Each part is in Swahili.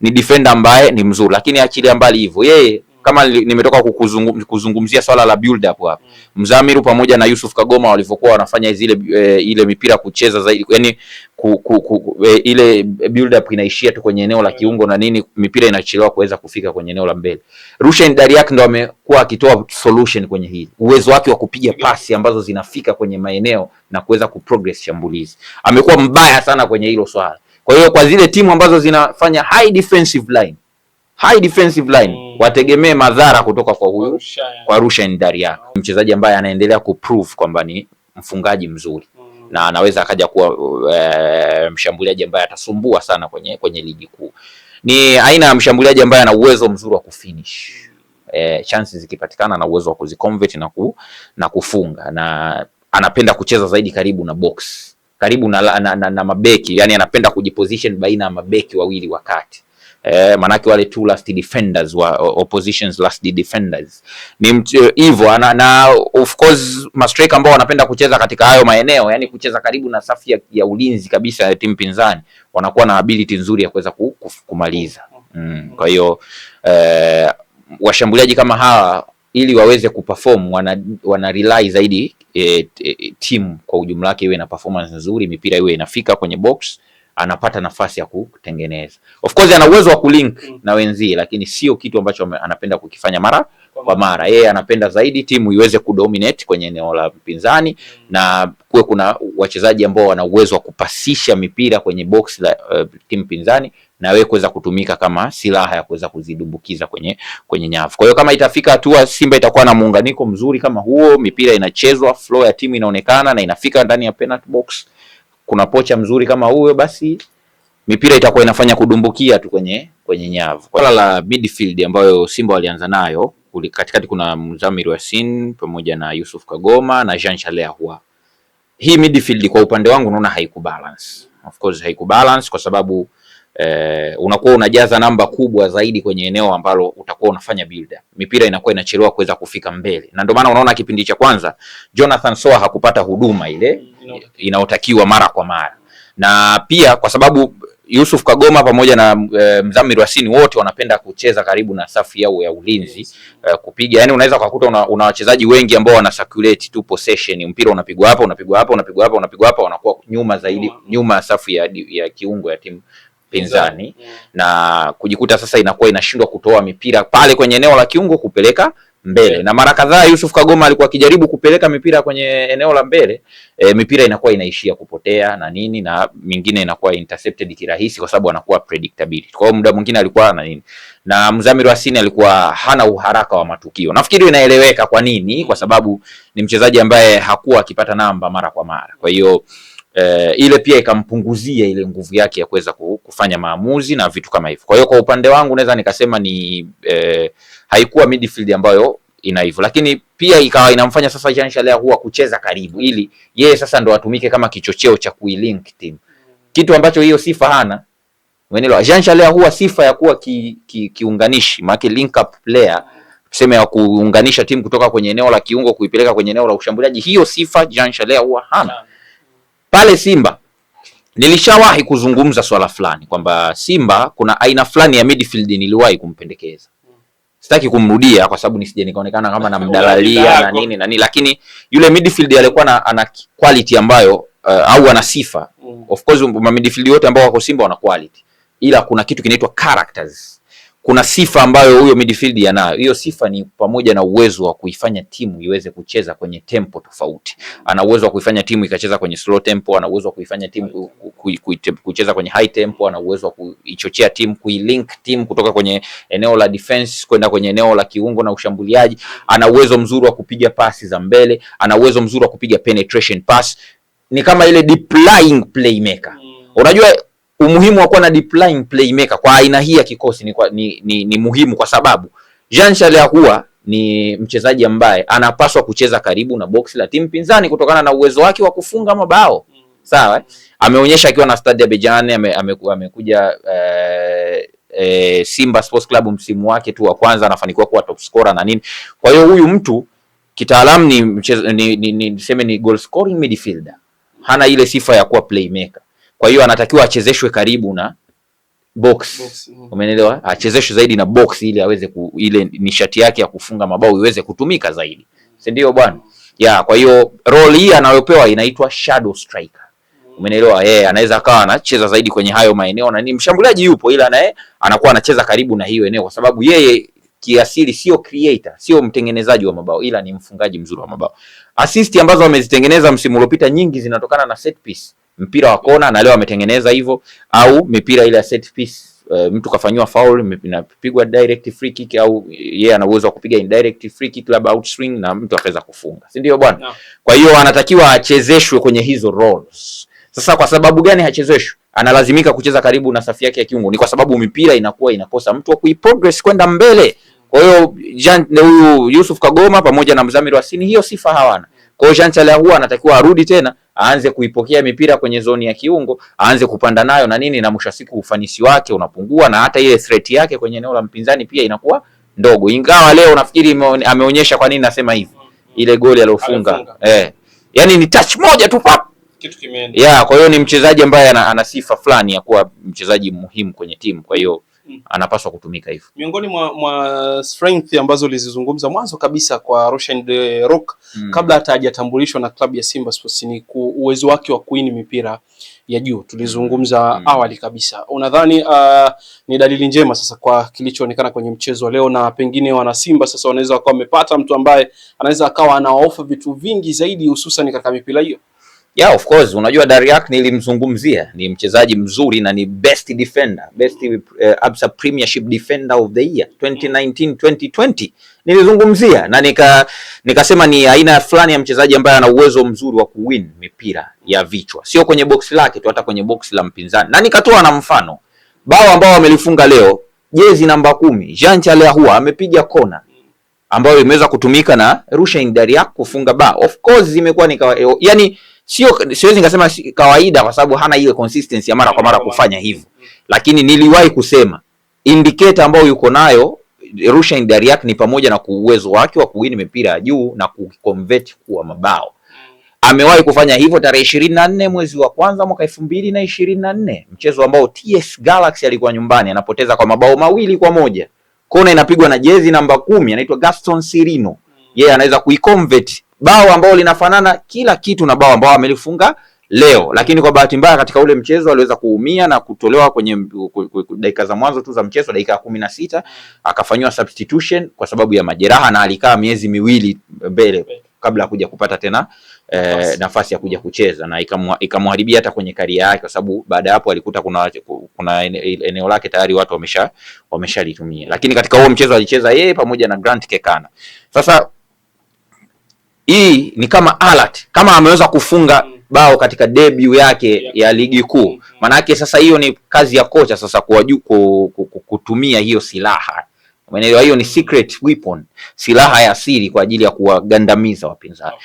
ni defender ambaye ni mzuri, lakini achilia mbali hivyo yeye mm. kama nimetoka kukuzungum, kuzungumzia swala la build up hapa mm. Mzamiru pamoja na Yusuf Kagoma walivyokuwa wanafanya zile e, eh, ile mipira kucheza zaidi, yani ku, ku, ku, e, ile build up inaishia tu kwenye eneo la mm. kiungo na nini, mipira inachelewa kuweza kufika kwenye eneo la mbele. Rushain Dariak ndo amekuwa akitoa solution kwenye hili, uwezo wake wa kupiga pasi ambazo zinafika kwenye maeneo na kuweza kuprogress shambulizi. Amekuwa mbaya sana kwenye hilo swala kwa hiyo kwa zile timu ambazo zinafanya high defensive line, high defensive line mm. wategemee madhara kutoka kwa huyu kwa Rushaine Ndaria, no. Mm. mchezaji ambaye anaendelea kuprove kwamba ni mfungaji mzuri mm. na anaweza akaja kuwa e, mshambuliaji ambaye atasumbua sana kwenye kwenye ligi kuu. Ni aina ya mshambuliaji ambaye ana uwezo mzuri wa kufinish E, chances zikipatikana na uwezo wa kuziconvert na, ku, na kufunga na anapenda kucheza zaidi karibu na box karibu na, na, na, na, na mabeki yani anapenda kujiposition baina ya mabeki wawili wakati Eh, manake wale two last defenders wa opposition's last defenders ni hivyo na, na of course mastrika ambao wanapenda kucheza katika hayo maeneo yani kucheza karibu na safu ya, ya ulinzi kabisa ya timu pinzani wanakuwa na ability nzuri ya kuweza kumaliza. Mm, kwa hiyo eh, washambuliaji kama hawa ili waweze kuperform wana, wana rely zaidi e, e, e timu kwa ujumla wake iwe na performance nzuri, mipira iwe inafika kwenye box, anapata nafasi ya kutengeneza. Of course ana uwezo wa kulink mm. na wenzie, lakini sio kitu ambacho anapenda kukifanya mara kwa mara. Yeye anapenda zaidi timu iweze kudominate kwenye eneo la mpinzani mm. na kuwe kuna wachezaji ambao wana uwezo wa kupasisha mipira kwenye box la uh, timu pinzani na wewe kuweza kutumika kama silaha ya kuweza kuzidumbukiza kwenye kwenye nyavu. Kwa hiyo kama itafika hatua Simba itakuwa na muunganiko mzuri kama huo, mipira inachezwa, flow ya timu inaonekana na inafika ndani ya penalty box, kuna pocha mzuri kama huyo, basi mipira itakuwa inafanya kudumbukia tu kwenye kwenye nyavu. Kwa la midfield ambayo Simba walianza nayo katikati kuna Mzamir Yasin pamoja na Yusuf Kagoma na Jean Charles Ahoua. Hii midfield kwa upande wangu naona haikubalance. Of course haikubalance kwa sababu eh, unakuwa unajaza namba kubwa zaidi kwenye eneo ambalo utakuwa unafanya build up. Mipira inakuwa inachelewa kuweza kufika mbele, na ndio maana unaona kipindi cha kwanza Jonathan Soa hakupata huduma ile inayotakiwa mara kwa mara, na pia kwa sababu Yusuf Kagoma pamoja na e, eh, Mzamir Wasini wote wanapenda kucheza karibu na safu yao ya ulinzi yes. Eh, e, kupiga Yaani unaweza kukuta una, una wachezaji wengi ambao wana circulate tu possession, mpira unapigwa hapa unapigwa hapa unapigwa hapa unapigwa hapa, wanakuwa nyuma zaidi nyuma ya safu ya, ya kiungo ya timu pinzani yeah. Mm. na kujikuta sasa inakuwa inashindwa kutoa mipira pale kwenye eneo la kiungo kupeleka mbele yeah. Mm. na mara kadhaa Yusuf Kagoma alikuwa akijaribu kupeleka mipira kwenye eneo la mbele e, mipira inakuwa inaishia kupotea na nini na mingine inakuwa intercepted kirahisi kwa sababu anakuwa predictability. Kwa hiyo muda mwingine alikuwa na nini, na Mzamir Wasini alikuwa hana uharaka wa matukio. Nafikiri inaeleweka kwa nini, kwa sababu ni mchezaji ambaye hakuwa akipata namba mara kwa mara, kwa hiyo eh, ile pia ikampunguzia ile nguvu yake ya kuweza kufanya maamuzi na vitu kama hivyo. Kwa hiyo kwa upande wangu naweza nikasema ni eh, haikuwa midfield ambayo ina hivyo, lakini pia ikawa inamfanya sasa Jean Shalea huwa kucheza karibu, ili yeye sasa ndo atumike kama kichocheo cha kuilink team, kitu ambacho hiyo sifa hana. Umeelewa? Jean Shalea huwa sifa ya kuwa ki, ki, kiunganishi, maana link up player tuseme ya kuunganisha timu kutoka kwenye eneo la kiungo kuipeleka kwenye eneo la ushambuliaji. Hiyo sifa Jean Shalea huwa hana pale Simba nilishawahi kuzungumza swala fulani kwamba Simba kuna aina fulani ya midfield niliwahi kumpendekeza. Sitaki kumrudia kwa sababu nisije nikaonekana kama namdalalia na nini na nini, lakini yule midfield alikuwa na ana quality ambayo uh, au ana sifa. Mm. Of course midfield wote ambao wako Simba wana quality, ila kuna kitu kinaitwa characters kuna sifa ambayo huyo midfield anayo. Hiyo sifa ni pamoja na uwezo wa kuifanya timu iweze kucheza kwenye tempo tofauti. Ana uwezo wa kuifanya timu ikacheza kwenye slow tempo, ana uwezo wa kuifanya timu ku, ku, ku, ku, kucheza kwenye high tempo, ana uwezo wa kuichochea timu, kuilink timu kutoka kwenye eneo la defense kwenda kwenye eneo la kiungo na ushambuliaji. Ana uwezo mzuri wa kupiga pasi za mbele, ana uwezo mzuri wa kupiga penetration pass. Ni kama ile deep lying playmaker. Mm. Unajua umuhimu wa kuwa na deep lying playmaker kwa aina hii ya kikosi ni, kwa, ni, ni, ni muhimu kwa sababu Jean Charles Ahoua ni mchezaji ambaye anapaswa kucheza karibu na boxi la timu pinzani kutokana na uwezo wake wa kufunga mabao. Mm. Sawa eh? Ameonyesha akiwa na Stade Abidjan ame, ame, amekuja eh, eh, Simba Sports Club msimu wake tu wa kwanza anafanikiwa kuwa top scorer na nini. Kwa hiyo huyu mtu kitaalamu ni niseme ni, ni, ni, ni goal scoring midfielder. Hana ile sifa ya kuwa playmaker. Kwa hiyo anatakiwa achezeshwe karibu na box, box mm. umeelewa? Achezeshwe zaidi na box ili aweze ku, ile nishati yake ya kufunga mabao iweze kutumika zaidi, si ndio bwana? Ya, kwa hiyo role hii anayopewa inaitwa shadow striker. Umeelewa? Yeye anaweza akawa anacheza zaidi kwenye hayo maeneo na ni mshambuliaji yupo, ila naye anakuwa anacheza karibu na hiyo eneo, kwa sababu yeye kiasili sio creator, sio mtengenezaji wa mabao, ila ni mfungaji mzuri wa mabao. Assist ambazo amezitengeneza msimu uliopita nyingi zinatokana na set piece mpira wa kona, na leo ametengeneza hivyo, au mipira ile ya set piece Uh, mtu kafanywa foul inapigwa direct free kick au yeye yeah, ana uwezo wa kupiga indirect free kick labda out swing na mtu akaweza kufunga, si ndio bwana? No. Kwa hiyo anatakiwa achezeshwe kwenye hizo roles. Sasa kwa sababu gani hachezeshwe? Analazimika kucheza karibu na safu yake ya kiungo, ni kwa sababu mipira inakuwa inakosa mtu wa kuiprogress kwenda mbele. Kwa hiyo Jean eh, huyu Yusuf Kagoma pamoja na Mzamiri Wasini hiyo sifa hawana. Kwa hiyo Jean Charles Ahoua anatakiwa arudi tena aanze kuipokea mipira kwenye zoni ya kiungo, aanze kupanda nayo na nini, na mwisho wa siku ufanisi wake unapungua na hata ile threat yake kwenye eneo la mpinzani pia inakuwa ndogo, ingawa leo nafikiri ameonyesha kwa nini nasema hivi, ile goli aliofunga eh, yani ni touch moja tu pap kitu kimeenda. Yeah, kwa hiyo ni mchezaji ambaye ana, ana sifa fulani ya kuwa mchezaji muhimu kwenye timu, kwa hiyo mm. anapaswa kutumika hivyo. Miongoni mwa, mwa strength ambazo ulizizungumza mwanzo kabisa kwa Roshan De Rock mm. kabla hata hajatambulishwa na klabu ya Simba Sports ni uwezo wake wa kuini mipira ya juu tulizungumza mm. awali kabisa. Unadhani uh, ni dalili njema sasa kwa kilichoonekana kwenye mchezo leo, na pengine wana Simba sasa wanaweza wakawa wamepata mtu ambaye anaweza akawa anawaofa vitu vingi zaidi, hususan katika mipira hiyo. Yeah, of course unajua Dariak nilimzungumzia, ni mchezaji mzuri na ni best defender, best uh, Absa Premiership defender of the year 2019 2020 nilizungumzia, na nika nikasema ni aina fulani ya mchezaji ambaye ana uwezo mzuri wa kuwin mipira ya vichwa, sio kwenye box lake tu, hata kwenye box la mpinzani, na nikatoa na mfano bao ambao wamelifunga leo, jezi namba kumi, Jean Charles amepiga kona ambayo imeweza kutumika na Rushain Dariak kufunga bao. Of course zimekuwa ni eh, yani sio, siwezi nikasema kawaida, kwa sababu hana ile consistency ya mara kwa mara mm. kufanya hivyo, lakini niliwahi kusema indicator ambayo yuko nayo Rushaine Diarra ni pamoja na uwezo wake wa kuwini mipira ya juu na kuconvert kuwa mabao. Mm. Amewahi kufanya hivyo tarehe ishirini na nne mwezi wa kwanza mwaka elfu mbili na ishirini na nne mchezo ambao TS Galaxy alikuwa nyumbani anapoteza kwa mabao mawili kwa moja. Kona inapigwa na jezi namba kumi anaitwa Gaston Sirino, mm. yeye yeah, anaweza kuiconvert bao ambao linafanana kila kitu na bao ambao amelifunga leo, lakini kwa bahati mbaya katika ule mchezo aliweza kuumia na kutolewa kwenye dakika za mwanzo tu za mchezo, dakika ya kumi na sita akafanyiwa substitution kwa sababu ya majeraha, na alikaa miezi miwili mbele kabla ya kuja kupata tena eh, nafasi ya kuja kucheza na ikamharibia hata kwenye karia yake, kwa sababu baada ya hapo alikuta kuna, kuna eneo lake tayari watu wamesha wameshalitumia, lakini katika huo mchezo alicheza yeye pamoja na Grant Kekana. Sasa hii ni kama alert, kama ameweza kufunga mm. bao katika debut yake ya ligi kuu, maanake mm. sasa hiyo ni kazi ya kocha sasa kuwaju, kutumia hiyo silaha umeelewa? Hiyo ni secret weapon, silaha ya siri kwa ajili ya kuwagandamiza wapinzani.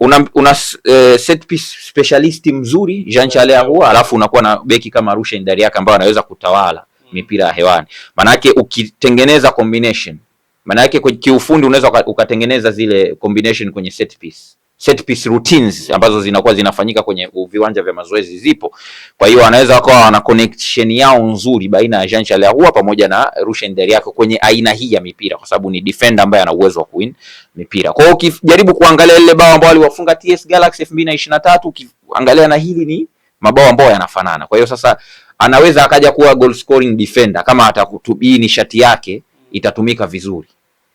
Una, una uh, set piece specialist mzuri Jean Charles Ahoua, alafu unakuwa na beki kama Rusha Ndariaka ambayo anaweza kutawala mm. mipira ya hewani, maanake ukitengeneza combination maana yake kiufundi unaweza ukatengeneza zile combination kwenye set piece. Set piece routines ambazo zinakuwa zinafanyika kwenye viwanja vya mazoezi zipo. Kwa hiyo anaweza wakawa wana connection yao nzuri baina ya Jean Charles Ahoua pamoja na Rushen Deriako kwenye aina hii ya mipira, kwa sababu ni defender ambaye ana uwezo wa kuwin mipira. Kwa hiyo ukijaribu kuangalia ile bao ambao aliwafunga TS Galaxy 2023 ukiangalia na hili ni mabao ambayo yanafanana. Kwa hiyo sasa anaweza akaja kuwa goal scoring defender kama atakutubii nishati yake itatumika vizuri.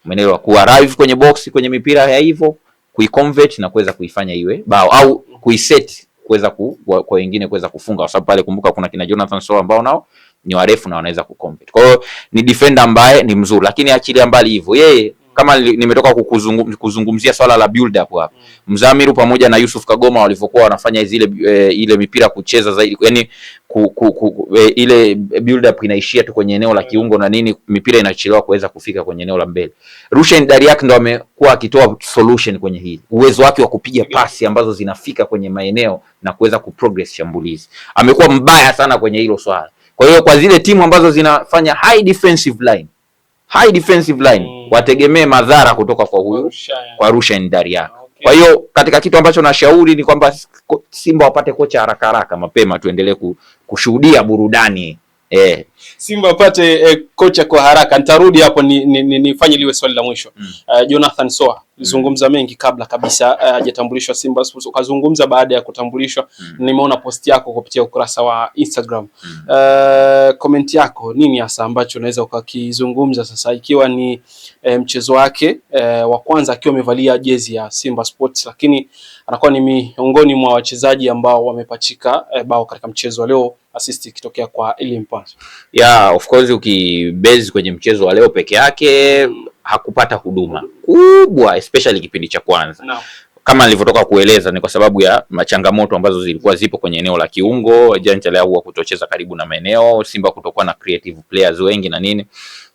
Umeelewa? Ku arrive kwenye box kwenye mipira ya hivyo kuiconvert na kuweza kuifanya iwe bao au kuiset kuweza ku, kwa wengine kuweza kufunga, kwa sababu pale kumbuka kuna kina Jonathan Sow ambao nao ni warefu na wanaweza kuconvert. Kwa hiyo ni defender ambaye ni mzuri, lakini achilia mbali hivyo yeye kama nimetoka kukuzungum, kuzungumzia swala la build up hapa mm. Mzamiru pamoja na Yusuf Kagoma walivyokuwa wanafanya zile e, eh, ile mipira kucheza zaidi, yani ku, ku, ku, e, ile build up inaishia tu kwenye eneo la mm. kiungo na nini, mipira inachelewa kuweza kufika kwenye eneo la mbele. Rushen Dariak ndo amekuwa akitoa solution kwenye hili, uwezo wake wa kupiga pasi ambazo zinafika kwenye maeneo na kuweza kuprogress shambulizi, amekuwa mbaya sana kwenye hilo swala. Kwa hiyo kwa zile timu ambazo zinafanya high defensive line high defensive line mm. wategemee madhara kutoka kwa huyu kwa Rushaine Darian. Ah, okay. Kwa hiyo katika kitu ambacho nashauri ni kwamba Simba wapate kocha haraka haraka mapema, tuendelee kushuhudia burudani eh, Simba apate eh, kocha kwa haraka. Nitarudi hapo nifanye ni, ni, ni liwe swali la mwisho mm. Uh, Jonathan Soa zungumza mengi kabla kabisa eh, hajatambulishwa uh, Simba Sports, ukazungumza baada ya kutambulishwa mm. Nimeona post yako kupitia ukurasa wa Instagram mm. Uh, comment yako nini hasa ambacho unaweza ukakizungumza sasa, ikiwa ni eh, mchezo wake eh, wa kwanza akiwa amevalia jezi ya Simba Sports, lakini anakuwa ni miongoni mwa wachezaji ambao wamepachika eh, bao katika mchezo wa leo, assist ikitokea kwa Elimpanzo yeah, of course ukibezi kwenye mchezo wa leo peke yake hakupata huduma kubwa especially kipindi cha kwanza no. Kama alivyotoka kueleza ni kwa sababu ya changamoto ambazo zilikuwa zipo kwenye eneo la kiungo, Jean Ahoua kutocheza karibu na maeneo, Simba kutokuwa na creative players wengi na nini,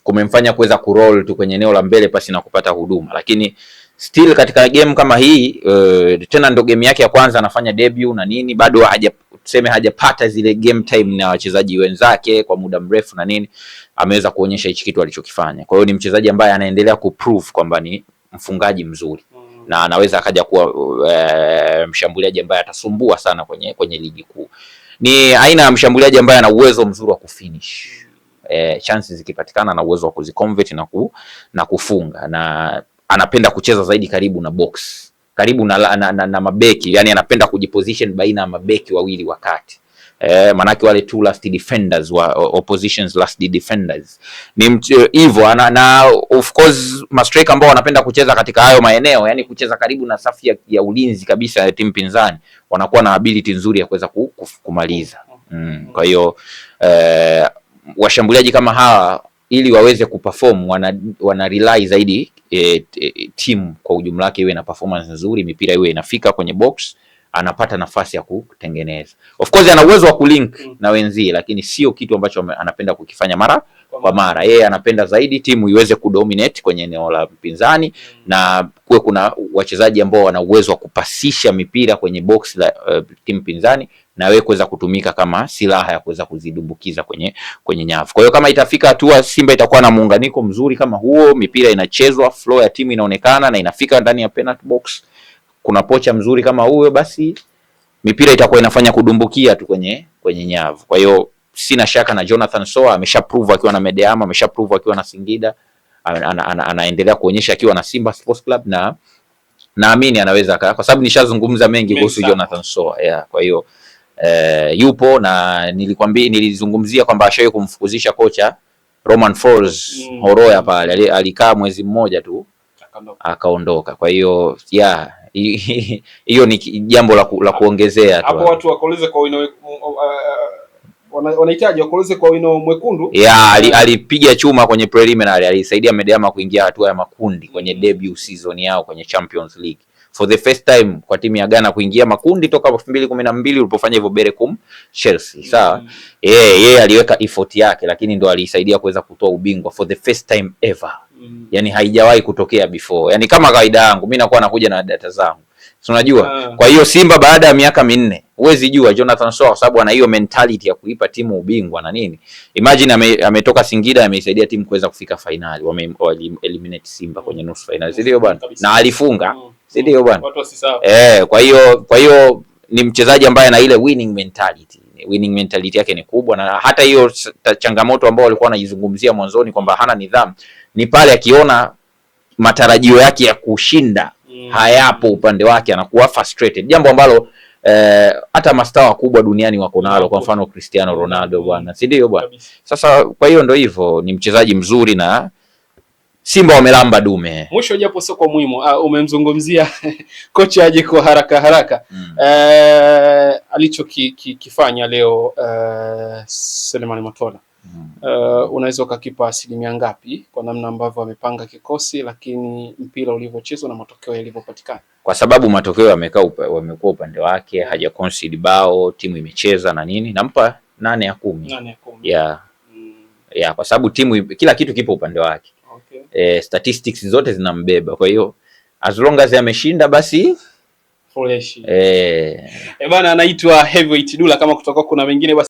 kumemfanya kuweza kuroll tu kwenye eneo la mbele pasi na kupata huduma, lakini still katika game kama hii uh, tena ndo game yake ya kwanza anafanya debut na nini, bado haja tuseme hajapata zile game time na wachezaji wenzake kwa muda mrefu na nini, ameweza kuonyesha hichi kitu alichokifanya. Kwa hiyo ni mchezaji ambaye anaendelea kuprove kwamba ni mfungaji mzuri mm. na anaweza akaja kuwa e, mshambuliaji ambaye atasumbua sana kwenye, kwenye ligi kuu. Ni aina ya mshambuliaji ambaye ana uwezo mzuri wa kufinish e, chances zikipatikana na uwezo wa kuziconvert na, ku, na kufunga na anapenda kucheza zaidi karibu na box karibu na, na, na, na, na mabeki yani, anapenda kujiposition baina ya mabeki wawili wakati Eh, manake wale two last defenders wa opposition's last defenders ni hivyo na, na of course mastrika ambao wanapenda kucheza katika hayo maeneo yani kucheza karibu na safu ya, ya ulinzi kabisa ya timu pinzani wanakuwa na ability nzuri ya kuweza kumaliza mm. Kwa hiyo eh, washambuliaji kama hawa ili waweze kuperform wana, wana rely zaidi e, eh, e, eh, timu kwa ujumla wake iwe na performance nzuri, mipira iwe inafika kwenye box, anapata nafasi ya kutengeneza. Of course ana uwezo wa kulink mm. na wenzie, lakini sio kitu ambacho anapenda kukifanya mara kwa mara. Yeye anapenda zaidi timu iweze kudominate kwenye eneo la mpinzani mm. na kuwe kuna wachezaji ambao wana uwezo wa kupasisha mipira kwenye box la uh, timu pinzani na wewe kuweza kutumika kama silaha ya kuweza kuzidumbukiza kwenye kwenye nyavu. Kwa hiyo kama itafika hatua Simba itakuwa na muunganiko mzuri kama huo, mipira inachezwa, flow ya timu inaonekana na inafika ndani ya penalty box, kuna pocha mzuri kama huyo, basi mipira itakuwa inafanya kudumbukia tu kwenye kwenye nyavu. Kwa hiyo sina shaka na Jonathan Soa amesha prove akiwa na Medeama, amesha prove akiwa na Singida, anaendelea ana, ana kuonyesha akiwa na Simba Sports Club na naamini anaweza, kwa sababu nishazungumza mengi kuhusu Jonathan Soa yeah, kwa hiyo eh, yupo na nilikwambia, nilizungumzia kwamba ashawahi kumfukuzisha kocha Roman Falls mm. Horoya pale alikaa mwezi mmoja tu akaondoka. Kwa hiyo yeah, hiyo ni jambo la, ku, la kuongezea tu hapo, watu wakoleze kwa wino uh, uh, wanahitaji wakoleze kwa wino mwekundu. Yeah, alipiga ali chuma kwenye preliminary, alisaidia Medeama kuingia hatua ya makundi kwenye mm. debut season yao kwenye Champions League for the first time kwa timu ya Ghana kuingia makundi toka 2012 ulipofanya hivyo Berekum Chelsea, sawa? mm. Yeye yeah, yeah, aliweka effort yake, lakini ndo alisaidia kuweza kutoa ubingwa for the first time ever. Mm. yani haijawahi kutokea before. yani kama kawaida yangu mimi nakuwa nakuja na data zangu. Si unajua? Ah. Kwa hiyo Simba baada ya miaka minne huwezi jua Jonathan Soa kwa sababu ana hiyo mentality ya kuipa timu ubingwa na nini. Imagine ametoka ame Singida ameisaidia timu kuweza kufika finali. Wame eliminate Simba kwenye nusu finali. Sio bwana? Na alifunga. Mm si ndio bwana? Watu wasisahau. Eh, kwa hiyo kwa hiyo ni mchezaji ambaye ana ile winning mentality. Winning mentality yake ni kubwa, na hata hiyo changamoto ambayo walikuwa wanajizungumzia mwanzoni kwamba hana nidhamu ni pale akiona matarajio yake ya kushinda mm. hayapo upande wake, anakuwa frustrated, jambo ambalo eh, hata mastaa wakubwa duniani wako nalo, kwa mfano Cristiano Ronaldo bwana, si ndio bwana? Sasa kwa hiyo ndo hivyo, ni mchezaji mzuri na Simba wamelamba dume. Mwisho japo sio kwa muhimu, ah, umemzungumzia kocha aje kwa haraka haraka mm. uh, eh, alichokifanya ki, leo uh, Selemani Matola mm. Eh, unaweza ukakipa asilimia ngapi kwa namna ambavyo amepanga kikosi, lakini mpira ulivyochezwa na matokeo yalivyopatikana, kwa sababu matokeo yamekaa wamekuwa upande wake, haja concede bao, timu imecheza na nini, nampa nane ya kumi, nane ya kumi. Yeah. Mm. Yeah, kwa sababu timu kila kitu kipo upande wake okay. eh, statistics zote zinambeba, kwa hiyo as long as ameshinda basi fresh. eh. E bana, anaitwa Heavyweight Dulla kama kutoka kuna wengine basi